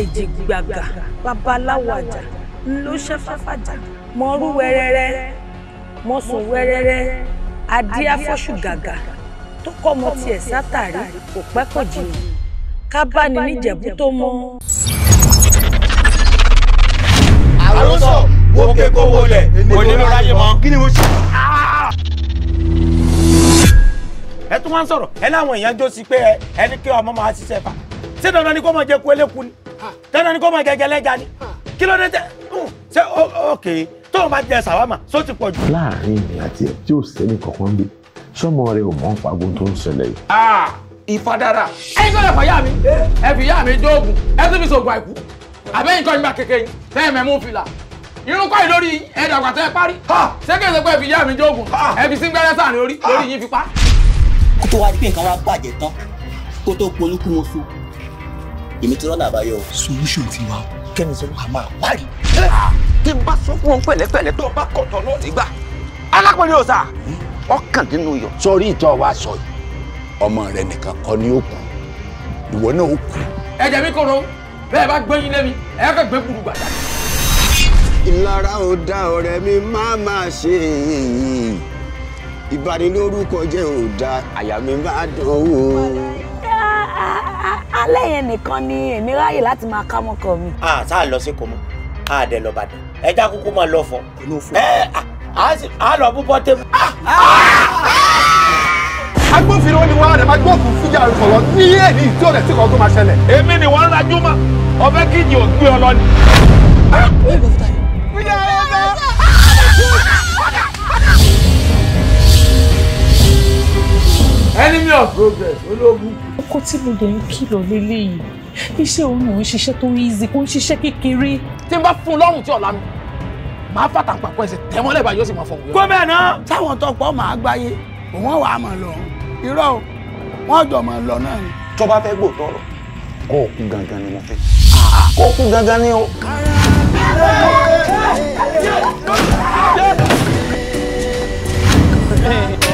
èjìgbàgà babaláwo àjà ló ṣẹ́fáfàjà mọ́rú wẹ́rẹ́rẹ́ mọ́sùn wẹ́rẹ́rẹ́ adé afọ́ṣùgàgà tó kọ́mọ tiẹ̀ sátàrí kò pẹ́ kò jìnnà ká bá ní níjẹ̀bú tó mọ́. àròsọ wo ké kó wọlé onílù ráyè mọ. kí ni mo ṣe. ẹ tún wá ń sọ̀rọ̀ ẹ láwọn èèyàn jó sí pé ẹni kí ọmọ máa ṣiṣẹ́ fà ṣé dandan ni kó máa jẹ́ kú eléku ni tẹ́lẹ̀ ni kó máa gẹ́gẹ́ lẹ́ja ni kí ló dé tẹ́ hmm. ṣé ok tóun bá jẹ sàwámà só ti pọ̀ jù. láàrin mi àti ẹ tí ò sẹ́ni kankan bí sọmọ rẹ ò mọ̀ ń pagun tó ń ṣẹlẹ̀ yìí. ìfadára ẹ̀yin kọ́ lè fọ yá mi ẹ fi yá mi dóògùn ẹ tún fi sògùn àìkú àbẹ́yìn kọ́ nígbà kékeré tẹ́yìn mẹ́mú fìlà irun kọ́ ìlórí ẹ̀dàgbà tẹ́ ẹ parí ṣé kí ẹ sọ pé ẹ fi yá mi dóògùn ẹ fi síngbẹ́rẹ́ sáà ní orí lórí yín fi pa. kó tó wá di pé nǹkan wá bàjẹ́ tán kó tó polúkú mo sùn èmi ti rọ́nà àbáyọ. solution ti wá kẹ́ni sọ wà máa wáyé. tí n bá sọ fún ọ pẹ̀lẹ́pẹ̀lẹ́ tó o bá kọ̀tọ̀ náà nígbà alápẹ̀lẹ́ ọ̀sà ọkàn nínú yọ. sọrí ìtọ́ wa sọ yìí ọmọ rẹ nìkan kọ́ ni ó kù ìwọ náà ó kù. ẹ̀jẹ̀ mi kọ̀rọ̀ bẹ́ẹ̀ bá gbẹ́yìn lẹ́mi ẹ̀ kàn gbé kúrú gbàdá. ìlara ò da ọ̀rẹ́ mi máa máa ṣe èyí ìbanilórúkọ jẹ́ ò da àyà mi máa dán wò ó yẹn nìkan ni èmi ráyè láti máa ká mọ́kọ mi. a sá lọ sí kòmọ a dẹ lọ bàdàn ẹja kúkú máa lọ fọ. inú fún mi. a lọ bú bọ́tẹ́. Ah, ah, ah. agbófinró ni wọn rẹ máa gbọ́ òkun fújà sọ̀rọ̀ ní èyí tí ò rẹ̀ sí kan tó máa ṣẹlẹ̀. èmi ni wọ́n ń rajú mọ́ ọbẹ̀ kíjì ò gbé ọ lọ ni. of progress ológun. ọkọ tí mo dẹ̀ ń kìlọ̀ lélẹ́yìí iṣẹ́ òun ò ń ṣiṣẹ́ tó easy kò ń ṣiṣẹ́ kékeré. tí n bá fún un lọ́rùn tí ọ̀la mi máa fàtà pàpọ̀ ẹsẹ̀ tẹ̀wọ́n lẹ́bàá yóò sì máa fọwọ́. kó bẹ́ẹ̀ náà. táwọn tọpọ máa gbáyé òun wàá máa lọ irọ́ wọn jọ máa lọ náà ni. tó bá fẹ́ gbòòtọ́ rọ kó o kú gangan ni mo fẹ́ kó o kú gangan ni o. Hey!